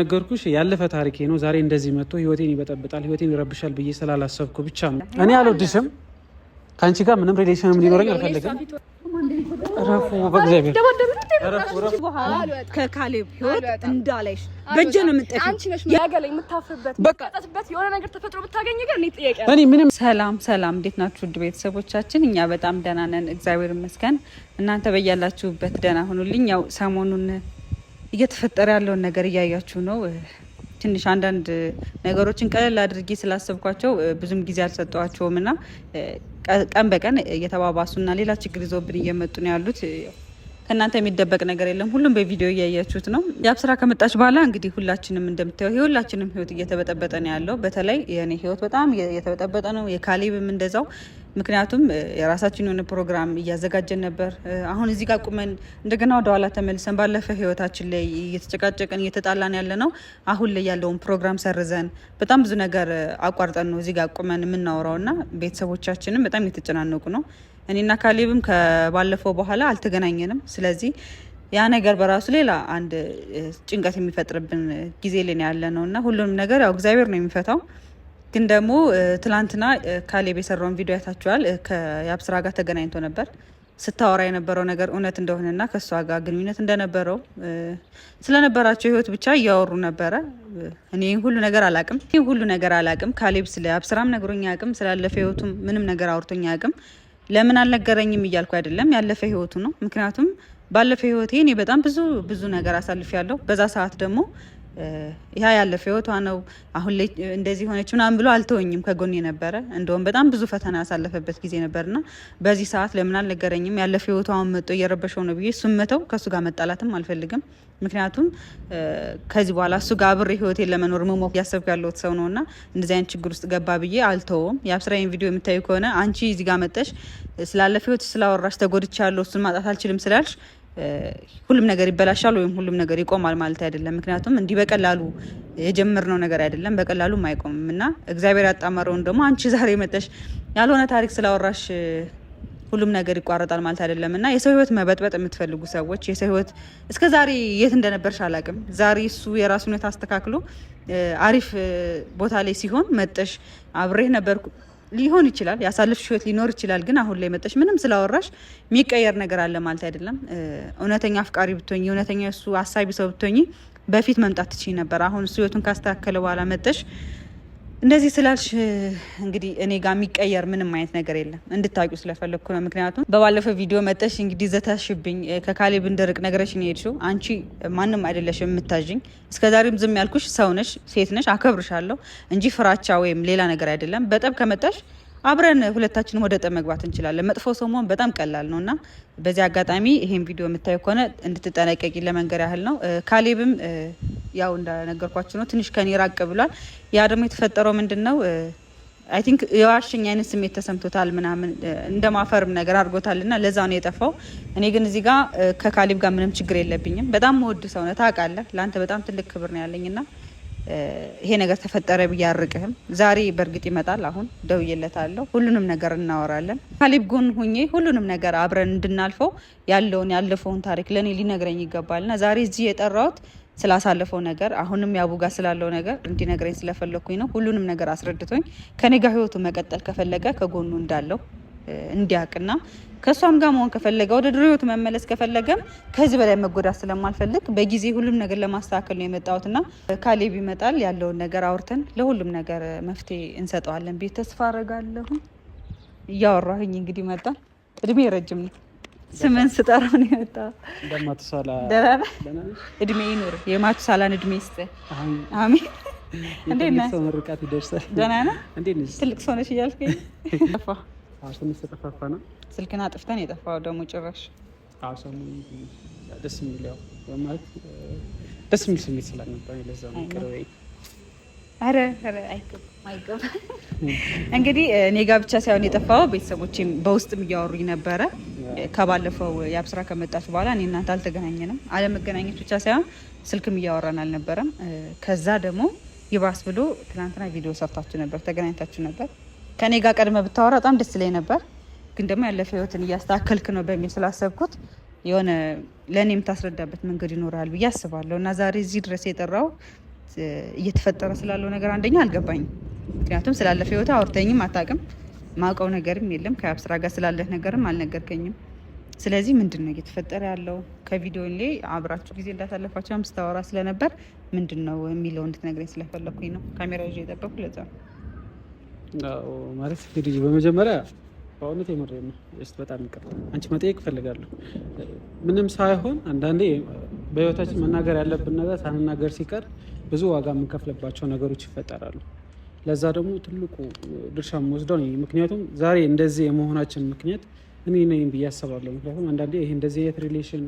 ነገርኩሽ ያለፈ ታሪኬ ነው። ዛሬ እንደዚህ መጥቶ ህይወቴን ይበጠብጣል፣ ህይወቴን ይረብሻል ብዬ ስላላሰብኩ ብቻ ነው። እኔ አልወድሽም። ከአንቺ ጋር ምንም ሪሌሽንም ሊኖረኝ አልፈልግም። ረፉ በእግዚአብሔር ከካሌብ ህይወት እንዳላይሽ በእጄ ነው የምጠፊው። ሰላም ሰላም፣ እንዴት ናችሁ ውድ ቤተሰቦቻችን? እኛ በጣም ደህና ነን፣ እግዚአብሔር ይመስገን። እናንተ በያላችሁበት ደህና ሆኑልኝ። ያው ሰሞኑን እየተፈጠረ ያለውን ነገር እያያችሁ ነው። ትንሽ አንዳንድ ነገሮችን ቀለል አድርጌ ስላሰብኳቸው ብዙም ጊዜ አልሰጠዋቸውም እና ቀን በቀን እየተባባሱና ሌላ ችግር ይዘውብን እየመጡ ነው ያሉት። ከእናንተ የሚደበቅ ነገር የለም። ሁሉም በቪዲዮ እያያችሁት ነው። ያብ ስራ ከመጣች በኋላ እንግዲህ ሁላችንም እንደምታየው የሁላችንም ህይወት እየተበጠበጠ ነው ያለው። በተለይ የእኔ ህይወት በጣም እየተበጠበጠ ነው። የካሌብም እንደዛው ምክንያቱም የራሳችን የሆነ ፕሮግራም እያዘጋጀን ነበር። አሁን እዚህ ጋር ቁመን እንደገና ወደ ኋላ ተመልሰን ባለፈ ህይወታችን ላይ እየተጨቃጨቀን እየተጣላን ያለ ነው። አሁን ላይ ያለውን ፕሮግራም ሰርዘን በጣም ብዙ ነገር አቋርጠን ነው እዚህ ጋር ቁመን የምናወራው እና ቤተሰቦቻችንም በጣም እየተጨናነቁ ነው። እኔና ካሌብም ከባለፈው በኋላ አልተገናኘንም። ስለዚህ ያ ነገር በራሱ ሌላ አንድ ጭንቀት የሚፈጥርብን ጊዜ ልን ያለ ነው እና ሁሉንም ነገር ያው እግዚአብሔር ነው የሚፈታው። ግን ደግሞ ትላንትና ካሌብ የሰራውን ቪዲዮ ያታችኋል። ከአብስራ ጋር ተገናኝቶ ነበር ስታወራ የነበረው ነገር እውነት እንደሆነና ከእሷ ጋር ግንኙነት እንደነበረው ስለነበራቸው ህይወት ብቻ እያወሩ ነበረ። እኔ ሁሉ ነገር አላቅም፣ ይህ ሁሉ ነገር አላቅም። ካሌብ ስለ አብስራም ነግሮኝ አቅም ስላለፈ ህይወቱም ምንም ነገር አውርቶኝ አቅም? ለምን አልነገረኝም እያልኩ አይደለም፣ ያለፈ ህይወቱ ነው። ምክንያቱም ባለፈ ህይወቴ እኔ በጣም ብዙ ብዙ ነገር አሳልፍ ያለው በዛ ሰዓት ደግሞ ይሄ ያለፈ ህይወቷ ነው። አሁን ላይ እንደዚህ ሆነች ምናምን ብሎ አልተወኝም። ከጎን የነበረ እንደውም በጣም ብዙ ፈተና ያሳለፈበት ጊዜ ነበርና በዚህ ሰዓት ለምን አልነገረኝም? ያለፈ ህይወቷ አሁን እየረበሸው ነው ብዬ እሱም መተው ከእሱ ጋር መጣላትም አልፈልግም። ምክንያቱም ከዚህ በኋላ እሱ ጋር አብሬ ህይወቴን ለመኖር መሞክ እያሰብኩ ያለሁት ሰው ነውና እንደዚህ አይነት ችግር ውስጥ ገባ ብዬ አልተውም። የአብስራዬን ቪዲዮ የምታዩ ከሆነ አንቺ እዚህ ጋር መጠሽ ስላለፈ ህይወት ስላወራሽ ተጎድቻለሁ፣ እሱን ማጣት አልችልም ስላልሽ ሁሉም ነገር ይበላሻል ወይም ሁሉም ነገር ይቆማል ማለት አይደለም። ምክንያቱም እንዲህ በቀላሉ የጀመርነው ነገር አይደለም፣ በቀላሉ አይቆምም እና እግዚአብሔር ያጣመረውን ደግሞ አንቺ ዛሬ መጠሽ ያልሆነ ታሪክ ስላወራሽ ሁሉም ነገር ይቋረጣል ማለት አይደለም እና የሰው ህይወት መበጥበጥ የምትፈልጉ ሰዎች የሰው ህይወት እስከ ዛሬ የት እንደነበርሽ አላቅም። ዛሬ እሱ የራሱ ሁኔታ አስተካክሎ አሪፍ ቦታ ላይ ሲሆን መጠሽ አብሬ ነበርኩ ሊሆን ይችላል ያሳለፍሽ ህይወት ሊኖር ይችላል። ግን አሁን ላይ መጠሽ ምንም ስላወራሽ የሚቀየር ነገር አለ ማለት አይደለም። እውነተኛ አፍቃሪ ብትሆኝ፣ እውነተኛ እሱ አሳቢ ሰው ብትሆኝ በፊት መምጣት ትችይ ነበር። አሁን እሱ ህይወቱን ካስተካከለ በኋላ መጠሽ እንደዚህ ስላልሽ እንግዲህ እኔ ጋር የሚቀየር ምንም አይነት ነገር የለም። እንድታውቂው ስለፈለግኩ ነው። ምክንያቱም በባለፈው ቪዲዮ መጠሽ እንግዲህ ዘታሽብኝ ከካሌብ እንደርቅ ነገረሽኝ የሄድሽው አንቺ ማንም አይደለሽ የምታዥኝ። እስከዛሬም ዝም ያልኩሽ ሰው ነሽ፣ ሴት ነሽ፣ አከብርሻለሁ እንጂ ፍራቻ ወይም ሌላ ነገር አይደለም። በጠብ ከመጣሽ አብረን ሁለታችንም ወደ ጠብ መግባት እንችላለን። መጥፎ ሰው መሆን በጣም ቀላል ነው እና በዚህ አጋጣሚ ይሄን ቪዲዮ የምታዩ ከሆነ እንድትጠነቀቂ ለመንገር ያህል ነው። ካሌብም ያው እንደነገርኳችሁ ነው፣ ትንሽ ከኔ ራቅ ብሏል። ያ ደግሞ የተፈጠረው ምንድን ነው አይ ቲንክ የዋሸኝ አይነት ስሜት ተሰምቶታል፣ ምናምን እንደማፈርም ነገር አድርጎታል እና ለዛ ነው የጠፋው። እኔ ግን እዚህ ጋር ከካሊብ ጋር ምንም ችግር የለብኝም። በጣም መወድ ሰውነ ታውቃለህ። ለአንተ በጣም ትልቅ ክብር ነው ያለኝ ይሄ ነገር ተፈጠረ ብዬ አርቅህም። ዛሬ በእርግጥ ይመጣል። አሁን ደውዬለታለሁ። ሁሉንም ነገር እናወራለን። ካሊብ ጎን ሁኜ ሁሉንም ነገር አብረን እንድናልፈው ያለውን ያለፈውን ታሪክ ለእኔ ሊነግረኝ ይገባልና ዛሬ እዚህ የጠራሁት ስላሳለፈው ነገር አሁንም ያቡጋ ስላለው ነገር እንዲነግረኝ ስለፈለግኩኝ ነው። ሁሉንም ነገር አስረድቶኝ ከኔ ህይወቱ መቀጠል ከፈለገ ከጎኑ እንዳለው እንዲያቅና ከእሷም ጋር መሆን ከፈለገ ወደ ድሮ ህይወት መመለስ ከፈለገም ከዚህ በላይ መጎዳት ስለማልፈልግ በጊዜ ሁሉም ነገር ለማስተካከል ነው የመጣሁት እና ካሌብ ይመጣል። ያለውን ነገር አውርተን ለሁሉም ነገር መፍትሄ እንሰጠዋለን ቤት ተስፋ አረጋለሁ እያወራሁኝ እንግዲህ መጣ። እድሜ ረጅም ነው። ስምን ስጠራው ነው የመጣ። እድሜ ይኑር። የማቱሳላን እድሜ ይስጥ። አሜን። እንዴት ነህ? ደህና ነህ? ትልቅ ሰው ነሽ እያልኩኝ ትንሽ ተጠፋፋና ስልክን አጥፍተን የጠፋው ደግሞ ጭራሽ ደስ የሚል ያው ማለት ደስ የሚል ስሜት ስላልነበር ለዛ ነው እንግዲህ እኔ ጋ ብቻ ሳይሆን የጠፋው ቤተሰቦቼም በውስጥም እያወሩኝ ነበረ። ከባለፈው የአብስራ ከመጣች በኋላ እኔ እናንተ አልተገናኘንም። አለመገናኘት ብቻ ሳይሆን ስልክም እያወራን አልነበረም። ከዛ ደግሞ ይባስ ብሎ ትናንትና ቪዲዮ ሰርታችሁ ነበር፣ ተገናኝታችሁ ነበር ከኔ ጋር ቀድመ ብታወራ በጣም ደስ ላይ ነበር፣ ግን ደግሞ ያለፈ ህይወትን እያስተካከልክ ነው በሚል ስላሰብኩት የሆነ ለእኔ የምታስረዳበት መንገድ ይኖራል ብዬ አስባለሁ። እና ዛሬ እዚህ ድረስ የጠራው እየተፈጠረ ስላለው ነገር አንደኛ አልገባኝም። ምክንያቱም ስላለፈ ህይወት አውርተኝም አታውቅም፣ ማውቀው ነገርም የለም። ከአብስራ ጋር ስላለህ ነገርም አልነገርከኝም። ስለዚህ ምንድን ነው እየተፈጠረ ያለው? ከቪዲዮ ላይ አብራችሁ ጊዜ እንዳሳለፋቸው ስታወራ ስለነበር ምንድን ነው የሚለው እንድትነግረኝ ስለፈለኩኝ ነው። ካሜራ ይዤ የጠበኩ ለዛ ነው። ማለት እንግዲህ በመጀመሪያ በእውነት የምሬ ነው። በጣም ይቅርታ አንቺ መጠየቅ እፈልጋለሁ። ምንም ሳይሆን አንዳንዴ በህይወታችን መናገር ያለብን ነገር ሳንናገር ሲቀር ብዙ ዋጋ የምንከፍልባቸው ነገሮች ይፈጠራሉ። ለዛ ደግሞ ትልቁ ድርሻ የምወስደው ምክንያቱም ዛሬ እንደዚህ የመሆናችን ምክንያት እኔ ነኝ ብዬ አስባለሁ። ምክንያቱም አንዳንዴ ይህ እንደዚህ የት ሪሌሽን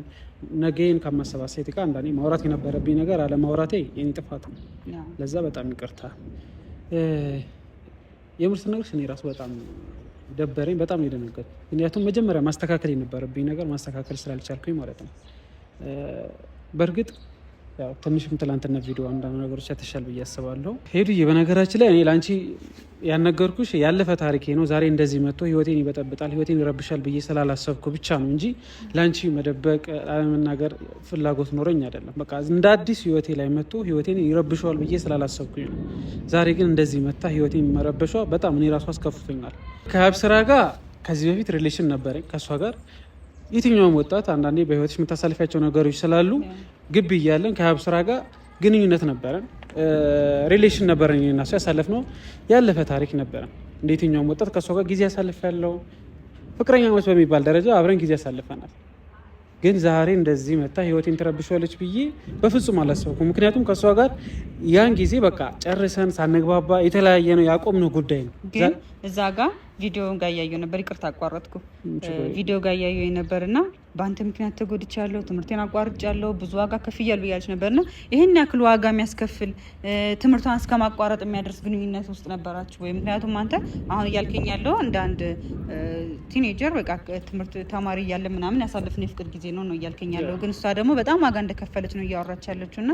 ነገን ከማሰባሰብ ጋር አንዳንዴ ማውራት የነበረብኝ ነገር አለማውራቴ የኔ ጥፋት ነው። ለዛ በጣም ይቅርታ የምር ስነግርሽ እኔ ራሱ በጣም ደበረኝ። በጣም የደነገጥ ምክንያቱም መጀመሪያ ማስተካከል የነበረብኝ ነገር ማስተካከል ስላልቻልኩኝ ማለት ነው በእርግጥ ያው ትንሽም ትላንትና ቪዲዮ አንዳንድ ነገሮች ያተሻል ብዬ አስባለሁ። ሄዱዬ በነገራችን ላይ እኔ ለአንቺ ያነገርኩሽ ያለፈ ታሪኬ ነው። ዛሬ እንደዚህ መጥቶ ህይወቴን ይበጠብጣል፣ ህይወቴን ይረብሻል ብዬ ስላላሰብኩ ብቻ ነው እንጂ ለአንቺ መደበቅ አለመናገር ፍላጎት ኖረኝ አይደለም። በቃ እንደ አዲስ ህይወቴ ላይ መጥቶ ህይወቴን ይረብሸዋል ብዬ ስላላሰብኩኝ ነው። ዛሬ ግን እንደዚህ መታ ህይወቴን መረበሿ በጣም እኔ ራሱ አስከፍቶኛል። ከሀብ ስራ ጋር ከዚህ በፊት ሪሌሽን ነበረኝ ከእሷ ጋር የትኛውም ወጣት አንዳንዴ በህይወትሽ የምታሳልፊያቸው ነገሮች ስላሉ ግቢ እያለን ከሀብ ስራ ጋር ግንኙነት ነበረን። ሪሌሽን ነበረን እናሱ ያሳለፍነው ያለፈ ታሪክ ነበረን። እንደ የትኛውም ወጣት ከእሷ ጋር ጊዜ ያሳልፍ ያለው ፍቅረኛሞች በሚባል ደረጃ አብረን ጊዜ ያሳልፈናል። ግን ዛሬ እንደዚህ መታ ህይወቴን ትረብሻለች ብዬ በፍጹም አላሰብኩም። ምክንያቱም ከእሷ ጋር ያን ጊዜ በቃ ጨርሰን ሳንግባባ የተለያየ ነው ያቆምነው ጉዳይ ነው ግን እዛ ጋር ቪዲዮውን ጋር እያየሁ ነበር። ይቅርታ አቋረጥኩ። ቪዲዮ ጋር እያየሁ ነበር እና በአንተ ምክንያት ተጎድቻለሁ፣ ትምህርቴን አቋርጫለሁ፣ ብዙ ዋጋ ከፍያለሁ እያለች ነበር እና ይህን ያክል ዋጋ የሚያስከፍል ትምህርቷን እስከ ማቋረጥ የሚያደርስ ግንኙነት ውስጥ ነበራችሁ ወይ? ምክንያቱም አንተ አሁን እያልከኝ ያለው እንደ አንድ ቲኔጀር በቃ ትምህርት ተማሪ እያለ ምናምን ያሳልፍን የፍቅር ጊዜ ነው ነው እያልከኝ ያለው፣ ግን እሷ ደግሞ በጣም ዋጋ እንደከፈለች ነው እያወራች ያለችው እና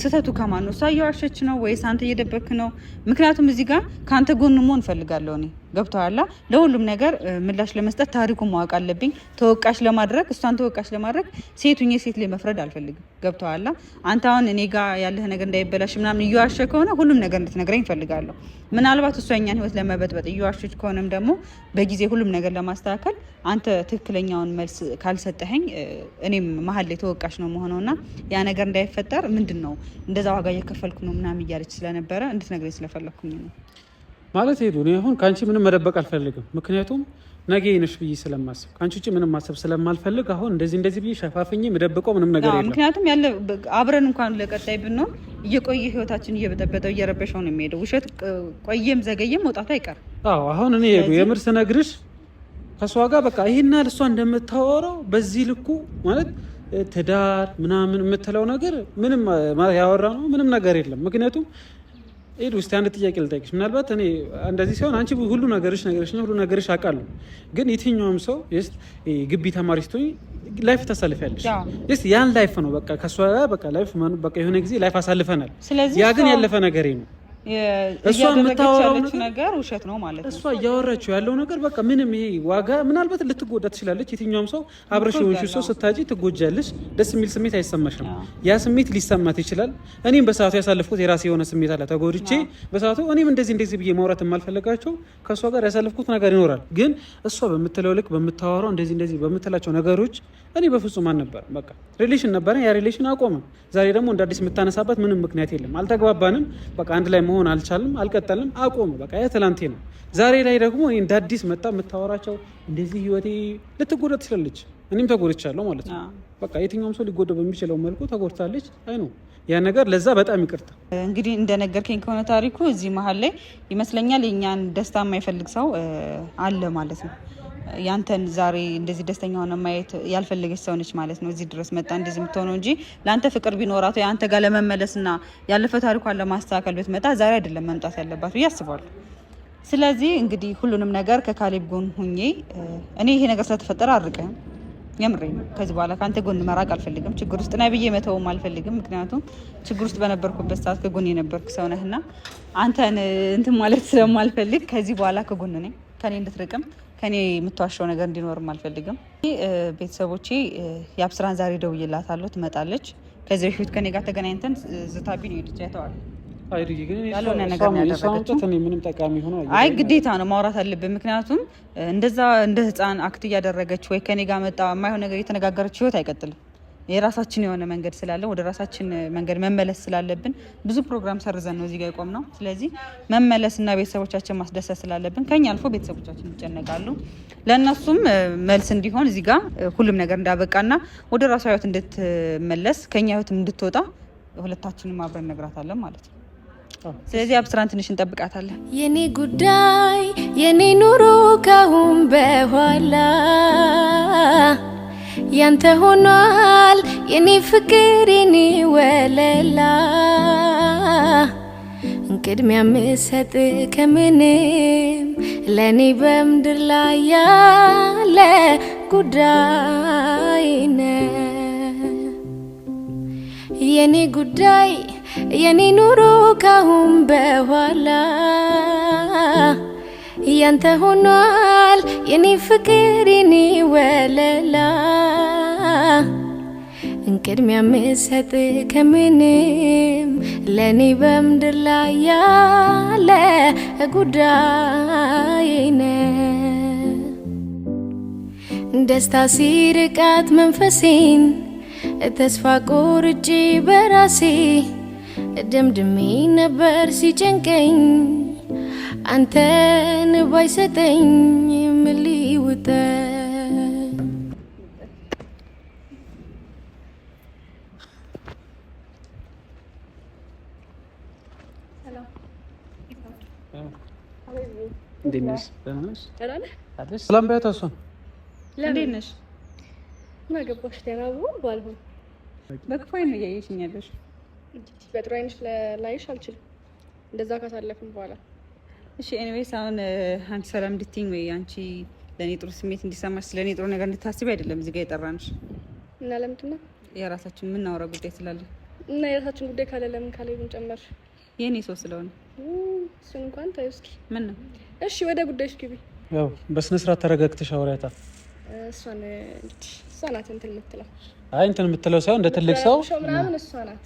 ስህተቱ ከማን ነው? እሷ እየዋሸች ነው ወይስ አንተ እየደበክ ነው? ምክንያቱም እዚህ ጋር ከአንተ ጎን መሆን እፈልጋለሁ እኔ ገብተዋላ ለሁሉም ነገር ምላሽ ለመስጠት ታሪኩ ማወቅ አለብኝ። ተወቃሽ ለማድረግ እሷን ተወቃሽ ለማድረግ ሴቱ ሴት ላይ መፍረድ አልፈልግም። ገብተዋላ አንተ አሁን እኔ ጋ ያለህ ነገር እንዳይበላሽ ምናምን እየዋሸ ከሆነ ሁሉም ነገር እንድትነግረኝ ይፈልጋለሁ። ምናልባት እሷ እኛን ህይወት ለመበጥበጥ እየዋሸች ከሆነም ደግሞ በጊዜ ሁሉም ነገር ለማስተካከል አንተ ትክክለኛውን መልስ ካልሰጠኸኝ እኔም መሀል ላይ ተወቃሽ ነው እና ያ ነገር እንዳይፈጠር ምንድን ነው እንደዛ ዋጋ እየከፈልኩ ነው ምናምን እያለች ስለነበረ እንድትነግረኝ ስለፈለግኩኝ ነው። ማለት ሄዱ። እኔ አሁን ከአንቺ ምንም መደበቅ አልፈልግም፣ ምክንያቱም ነገ ነሽ ብዬ ስለማስብ ከአንቺ ውጭ ምንም ማሰብ ስለማልፈልግ አሁን እንደዚህ እንደዚህ ብዬ ሸፋፍኝ የምደብቀው ምንም ነገር የለም። ምክንያቱም ያለ አብረን እንኳን ለቀጣይ ብንሆን እየቆየ ህይወታችን እየበጠበጠው እየረበሸው ነው የሚሄደው። ውሸት ቆየም ዘገየም መውጣቱ አይቀርም። አዎ አሁን እኔ ሄዱ የምር ስነግርሽ ከእሷ ጋር በቃ ይሄና እሷ እንደምታወራው በዚህ ልኩ ማለት ትዳር ምናምን የምትለው ነገር ምንም ያወራ ነው ምንም ነገር የለም ምክንያቱም ኤድ ውስጥ አንድ ጥያቄ ልጠይቅሽ። ምናልባት እኔ እንደዚህ ሲሆን አንቺ ሁሉ ነገርሽ ነገርሽ ሁሉ ነገርሽ አውቃለሁ። ግን የትኛውም ሰው ግቢ ተማሪ ስትሆኝ ላይፍ ታሳልፊያለሽ። ስ ያን ላይፍ ነው በቃ ከእሷ በቃ ላይፍ በቃ የሆነ ጊዜ ላይፍ አሳልፈናል። ያ ግን ያለፈ ነገሬ ነው እሷ የምታወራው ነገር ውሸት ነው ማለት ነው። እሷ እያወራችው ያለው ነገር በቃ ምንም ይሄ ዋጋ ምናልባት ልትጎዳ ትችላለች። የትኛውም ሰው አብረሽ የሆንሽ ሰው ስታጪ ትጎጃለሽ። ደስ የሚል ስሜት አይሰማሽም። ያ ስሜት ሊሰማት ይችላል። እኔም በሰዓቱ ያሳለፍኩት የራሴ የሆነ ስሜት አለ። ተጎድቼ በሰዓቱ እኔም እንደዚህ እንደዚህ ብዬ ማውራት የማልፈልጋቸው ከእሷ ጋር ያሳለፍኩት ነገር ይኖራል። ግን እሷ በምትለው ልክ በምታወራው እንደዚህ እንደዚህ በምትላቸው ነገሮች እኔ በፍጹም አልነበረም። በቃ ሪሌሽን ነበረ፣ ያ ሪሌሽን አቆመ። ዛሬ ደግሞ እንደ አዲስ የምታነሳበት ምንም ምክንያት የለም። አልተግባባንም። በቃ አንድ ላይ መሆን አልቻልም፣ አልቀጠልም፣ አቆም በቃ የትላንቴ ነው። ዛሬ ላይ ደግሞ እንደ አዲስ መጣ የምታወራቸው እንደዚህ ህይወቴ ልትጎዳ ትችላለች። እኔም ተጎድቻለሁ ማለት ነው። በቃ የትኛውም ሰው ሊጎዳ በሚችለው መልኩ ተጎድታለች። አይ ነው ያ ነገር ለዛ በጣም ይቅርታ። እንግዲህ እንደነገርከኝ ከሆነ ታሪኩ እዚህ መሀል ላይ ይመስለኛል የእኛን ደስታ የማይፈልግ ሰው አለ ማለት ነው። ያንተን ዛሬ እንደዚህ ደስተኛ ሆነ ማየት ያልፈለገች ሰው ነች ማለት ነው። እዚህ ድረስ መጣ እንደዚህ የምትሆነው እንጂ ለአንተ ፍቅር ቢኖራት የአንተ ጋር ለመመለስና ያለፈ ታሪኳን ለማስተካከል ብትመጣ ዛሬ አይደለም መምጣት ያለባት ብዬ አስባለሁ። ስለዚህ እንግዲህ ሁሉንም ነገር ከካሌብ ጎን ሁኜ እኔ ይሄ ነገር ስለተፈጠረ አርቀ የምሬ ነው። ከዚህ በኋላ ከአንተ ጎን መራቅ አልፈልግም። ችግር ውስጥ ና ብዬ መተውም አልፈልግም። ምክንያቱም ችግር ውስጥ በነበርኩበት ሰዓት ከጎን የነበርኩ ሰው ነህና አንተን እንትን ማለት ስለማልፈልግ ከዚህ በኋላ ከጎን ነኝ። ከኔ እንድትርቅም ከኔ የምትዋሸው ነገር እንዲኖርም አልፈልግም። ቤተሰቦቼ የአብስራን ዛሬ ደውዬላታለሁ፣ ትመጣለች። ከዚህ በፊት ከኔ ጋር ተገናኝተን ዝታቢ ነው ሄደች አይተዋል። አይ ግዴታ ነው ማውራት አለብን። ምክንያቱም እንደዛ እንደ ህፃን አክት እያደረገች ወይ ከኔ ጋር መጣ የማይሆን ነገር እየተነጋገረች ህይወት አይቀጥልም። የራሳችን የሆነ መንገድ ስላለ ወደ ራሳችን መንገድ መመለስ ስላለብን ብዙ ፕሮግራም ሰርዘን ነው እዚጋ የቆም ነው። ስለዚህ እና ቤተሰቦቻችን ማስደሰት ስላለብን ከኛ አልፎ ቤተሰቦቻችን ይጨነቃሉ። ለእነሱም መልስ እንዲሆን ጋር ሁሉም ነገር እንዳበቃና ወደ ራሷ ህይወት እንድትመለስ ከኛ ህይወትም እንድትወጣ ሁለታችንም አብረን እነግራታለን ማለት ነው። ስለዚህ አብስራን ትንሽ እንጠብቃታለን። የኔ ጉዳይ የኔ ኑሮ ካሁን በኋላ ያንተ ሆኗል የኔ ፍቅር የኔ ወለላ ቅድሚያ ምሰጥ ከምንም ለእኔ በምድር ላይ ያለ ጉዳይ ነ የኔ ጉዳይ የኔ ኑሮ ካሁን በኋላ እያንተ ሆኗል የኔ ፍቅር የኔ ወለላ እንቅድሚያ ምሰጥ ከምንም ለእኔ በምድር ላይ ያለ ጉዳይ ነ ደስታ ሲርቃት መንፈሴን ተስፋ ቆርጬ በራሴ ደምድሜ ነበር ሲጨንቀኝ አንተን ባይሰጠኝ ምን ሊውጠኝ? ሰላም በያት። እንዴት ነሽ? ምን አገባሽ? ደህና ባልሆን በክፉ ዓይን እያየሽኝ ያለሽ። በጥሩ ዓይንሽ ላይሽ አልችልም። እንደዛ ካሳለፍን በኋላ እሺ ኤኒዌይስ አሁን አንቺ ሰላም እንድትይኝ ወይ አንቺ ለእኔ ጥሩ ስሜት እንዲሰማሽ ስለ እኔ ጥሩ ነገር እንድታስቢ አይደለም እዚህ ጋር የጠራንሽ። እና ለምንድን ነው የራሳችን ጉዳይ ስላለ እና የራሳችን ጉዳይ ካለ ለምን ካለ ይሁን ጨመር የእኔ ሰው ስለሆነ እሱ እንኳን ታዩ እስኪ ምን ነው እሺ፣ ወደ ጉዳይሽ ግቢ። ያው በስነ ስርዓት ተረጋግተሽ አውሪያታ። እሷን እንግዲህ እሷ ናት እንትን የምትለው አይ እንትን የምትለው ሰው እንደ ትልቅ ሰው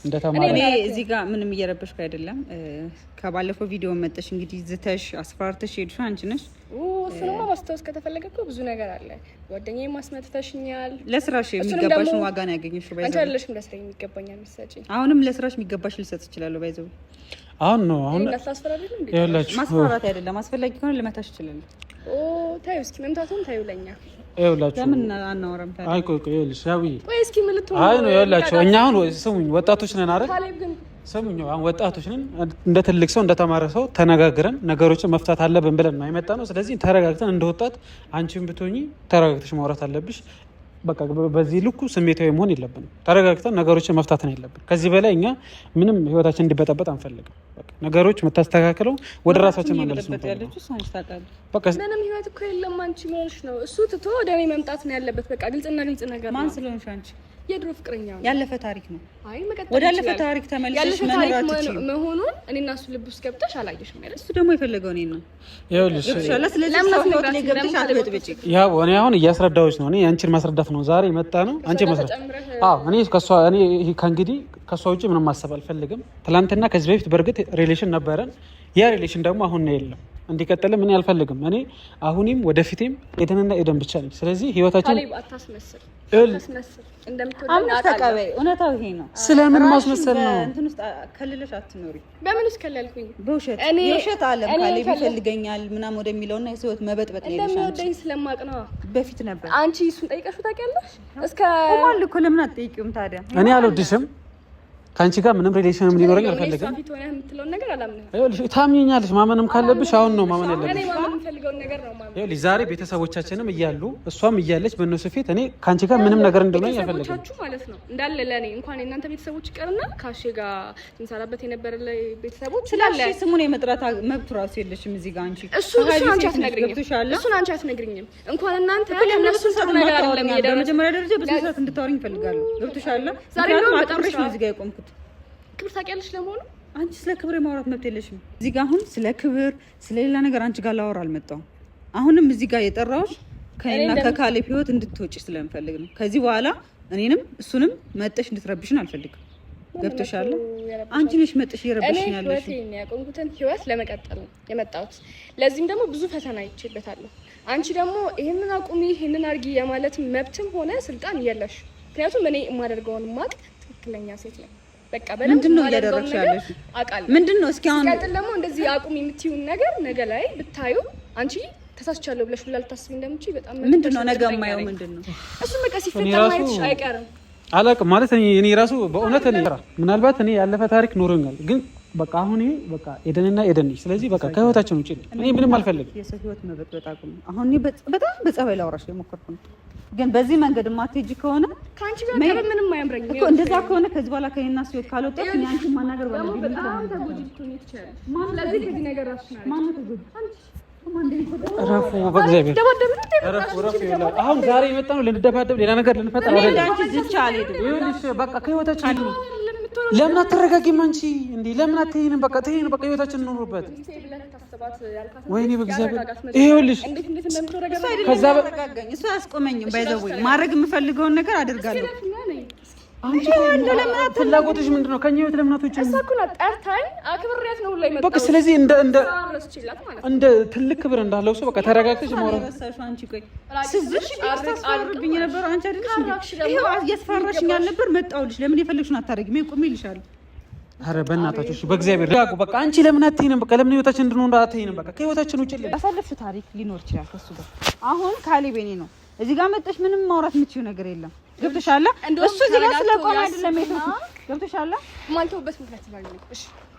እንደ ተማሪ እኔ እዚህ ጋር ምንም እየረበሽኩ አይደለም። ከባለፈው ቪዲዮ መጠሽ እንግዲህ ዝተሽ አስፈራርተሽ ሄድሽ አንቺ ነሽ። እሱንማ ማስታወስ ከተፈለገ እኮ ብዙ ነገር አለ። ጓደኛዬ ማስመትተሽኛል። ለስራሽ የሚገባሽን ዋጋ ነው ያገኘሽው። ባይዘው አንቺ አለሽም ለስራ የሚገባኛል የምትሰጪኝ። አሁንም ለስራሽ የሚገባሽ ልሰጥ እችላለሁ። ባይዘው አሁን ነው አሁን ይኸውላችሁ፣ ማስፈራራት አይደለም። አስፈላጊ ከሆነ ልመታሽ እችላለሁ። ታዩ እስኪ መምታቱን ታዩ ለኛ ወጣቶች ነን አይደል? ስሙኝ፣ ወጣቶች ነን። እንደ ትልቅ ሰው እንደተማረ ሰው ተነጋግረን ነገሮችን መፍታት አለብን ብለን ነው የመጣ ነው። ስለዚህ ተረጋግተን እንደ ወጣት አንቺን ብትሆኚ ተረጋግተሽ ማውራት አለብሽ። በቃ በዚህ ልኩ ስሜታዊ መሆን የለብንም። ተረጋግተን ነገሮችን መፍታትን ያለብን። ከዚህ በላይ እኛ ምንም ህይወታችን እንዲበጠበጥ አንፈልግም። ነገሮች የምታስተካክለው ወደ ራሳችን መመለስ ነው። ምንም ህይወት እኮ የለም። አንቺ ሆንሽ ነው እሱ ትቶ ወደ እኔ መምጣት ነው ያለበት። በቃ ግልጽና ግልጽ ነገር ማን ስለሆንሽ አንቺ የድሮ ፍቅረኛ ነው። ያለፈ ታሪክ ነው። አይ መቀጠል ወደ ወዳለፈ ታሪክ ተመልሰሽ መኖር አትችይም። መሆኑን እኔ እና እሱ ልብ ውስጥ ገብተሽ አላየሽም አይደል? እሱ ደግሞ የፈለገው እኔን ነው። ይኸውልሽ፣ ያ እኔ አሁን እያስረዳሁሽ ነው። እኔ አንቺን ማስረዳት ነው ዛሬ የመጣ ነው። አንቺ ማስረዳት። አዎ እኔ ከሷ እኔ ከእንግዲህ ከሷ ውጪ ምንም ማሰብ አልፈልግም። ትናንትና ከዚህ በፊት በእርግጥ ሪሌሽን ነበረን። ያ ሪሌሽን ደግሞ አሁን ነው የለም እንዲቀጥል ምን አልፈልግም። እኔ አሁንም ወደፊቴም ኤደንና ኤደን ብቻ ነኝ። ስለዚህ ህይወታችን ስለምን ማስመሰል ነው? ከልለሽ አትኖሪ። በምን ውስጥ ከለልኩኝ? በውሸት የውሸት አለም ካለ ይፈልገኛል ምናምን ወደሚለውና የህይወት መበጥበጥ ነው። እንደሚወደኝ ስለማቅ ነው። በፊት ነበር። አንቺ እሱን ጠይቀሽው ታውቂያለሽ? እስከ ለምን አትጠይቂውም ታዲያ? እኔ አልወድሽም ከአንቺ ጋር ምንም ሪሌሽን እንዲኖረኝ አልፈለግም። ታምኛለሽ። ማመንም ካለብሽ አሁን ነው ማመን ያለብሽ። ዛሬ ቤተሰቦቻችንም እያሉ እሷም እያለች በእነሱ ፊት እኔ ከአንቺ ጋር ምንም ነገር እንዲኖረኝ አልፈለግም ማለት ነው። እንዳለ ለእኔ እንኳን የእናንተ ቤተሰቦች ይቀርና ከአሼ ጋር ስንሰራበት የነበረ ቤተሰቦች ስላለ ስሙን የመጥራት መብቱ ራሱ የለሽም እዚህ ጋር አንቺ። እሱን አንቺ አትነግሪኝም፣ እሱን አንቺ አትነግሪኝም። እንኳን እናንተ ነገር ደረጃ በስነ ስርዓት እንድታወሪኝ ገብቶሻል። ዛሬ በጣም ነው እዚህ ጋር የቆምኩት ክብር ታውቂያለሽ ለመሆኑ? አንቺ ስለ ክብር የማውራት መብት የለሽም። እዚህ ጋር አሁን ስለ ክብር ስለሌላ ነገር አንቺ ጋር ላወራ አልመጣሁም። አሁንም እዚህ ጋር የጠራሁሽ ከና ከካሌብ ህይወት እንድትወጪ ስለምፈልግ ነው። ከዚህ በኋላ እኔንም እሱንም መጠሽ እንድትረብሽን አልፈልግም። ገብቶሻል? አንቺ ነሽ መጠሽ እየረብሽኝ ያለሽ። እኔ ያቆምኩትን ህይወት ለመቀጠል ነው የመጣሁት። ለዚህም ደግሞ ብዙ ፈተና አይቼበታለሁ። አንቺ ደግሞ ይህንን አቁሚ፣ ይህንን አርጊ የማለት መብትም ሆነ ስልጣን የለሽ። ምክንያቱም እኔ የማደርገውን ማቅ ትክክለኛ ሴት ነው በቃ በደንብ ምንድነው እያደረግሽ ያለሽ አውቃለሁ። ምንድነው እስኪ አሁን ቀጥል ደግሞ እንደዚህ አቁም የምትይውን ነገር ነገ ላይ ብታዩ አንቺ ተሳስቻለሁ ብለሽ ሁላ ልታስቢ እንደምችይ በጣም ምንድነው ነገ የማየው ምንድነው እሱ በቃ ሲፈታ ማየትሽ አይቀርም። አላውቅም ማለት እኔ ራሱ በእውነት እኔ ምናልባት እኔ ያለፈ ታሪክ ኖሮኛል ግን በቃ አሁን በቃ ኤደንና ኤደን ነች። ስለዚህ በቃ ከህይወታችን ውጭ እኔ ምንም አልፈልግም። የሰው ህይወት መበጥበጥ አቁም። አሁን በጣም በጸባይ ላውራሽ የሞከርኩ ነው፣ ግን በዚህ መንገድ ማትሄጂ ከሆነ ከአንቺ ጋር ምንም እንደዛ ከሆነ ከዚህ በኋላ ከኔና ሲወት ካልወጣሽ አንቺ ማናገር ረፉ በእግዚአብሔር አሁን ዛሬ የመጣ ነው ልንደባደብ፣ ሌላ ነገር ልንፈጠር በቃ ከህይወታችን ለምን አትረጋጊም? አንቺ እንዴ ለምን አትሄንም? በቃ ትሄን በቃ ህይወታችን እንኖርበት። ወይኔ በእግዚአብሔር ይሄውልሽ፣ ከዛ እሱ ያስቆመኝም ባይዘወኝ ማድረግ የምፈልገውን ነገር አድርጋለሁ። ፍላጎትሽ ምንድን ነው? ከኛ ቤት ለምን አትወጪም? እሷ እኮ ናት ጠርታኝ አክብሬያት ነው ሁላ ይመጣው። በቃ ስለዚህ እንደ እንደ እንደ ትልቅ ክብር እንዳለው ሰው በቃ ተረጋግተሽ ማውራት። አንቺ ነበር። አንቺ አይደለሽ ይሄው እያስፈራራሽኝ አልነበር? መጣሁልሽ። ለምን የፈለግሽውን አታደርጊም? ይሄ ቁሚ ይልሻለሁ። አረ በእናታችሁ በእግዚአብሔር ዳጉ በቃ አንቺ ለምን አትይንም? በቃ ለምን ህይወታችን እንድንሆን አትይንም? በቃ ከህይወታችን ውጭ ያሳለፍሽ ታሪክ ሊኖር ይችላል ከሱ ጋር። አሁን ካሌብ የኔ ነው። እዚህ ጋር መጠሽ ምንም ማውራት የምትችይው ነገር የለም ገብተሻል። እሱ እዚህ ጋር ስለቆመ አይደለም ገብተሻል። ማልተውበት ምክንያት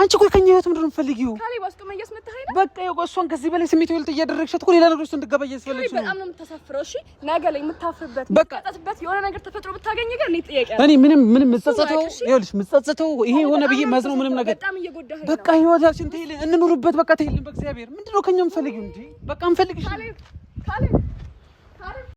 አንቺ ቆይ ከኛ ህይወት ምንድን ነው የምትፈልጊው? በቃ እሷን ከዚህ በላይ ስሜት ይወልጥ እያደረግሻት እኮ ሌላ ነገር ውስጥ እንድትገባ እያስፈለግሽ ነው። በጣም ነው የምታሳፍረው። እሺ ነገ ላይ የምታፍርበት የምትጸጸትበት የሆነ ነገር ተፈጥሮ ብታገኝ ግን እኔ ጥያቄ እኔ ምንም ምንም የምትጸጸተው ይኸውልሽ፣ የምትጸጸተው ይሄ ሆነ ብዬ ማዝነው ምንም ነገር በቃ ህይወታችን ተይል እንኑርበት። በቃ ተይልን በእግዚአብሔር ምንድን ነው ከኛ የምትፈልጊው እንዴ? በቃ እንፈልግሽ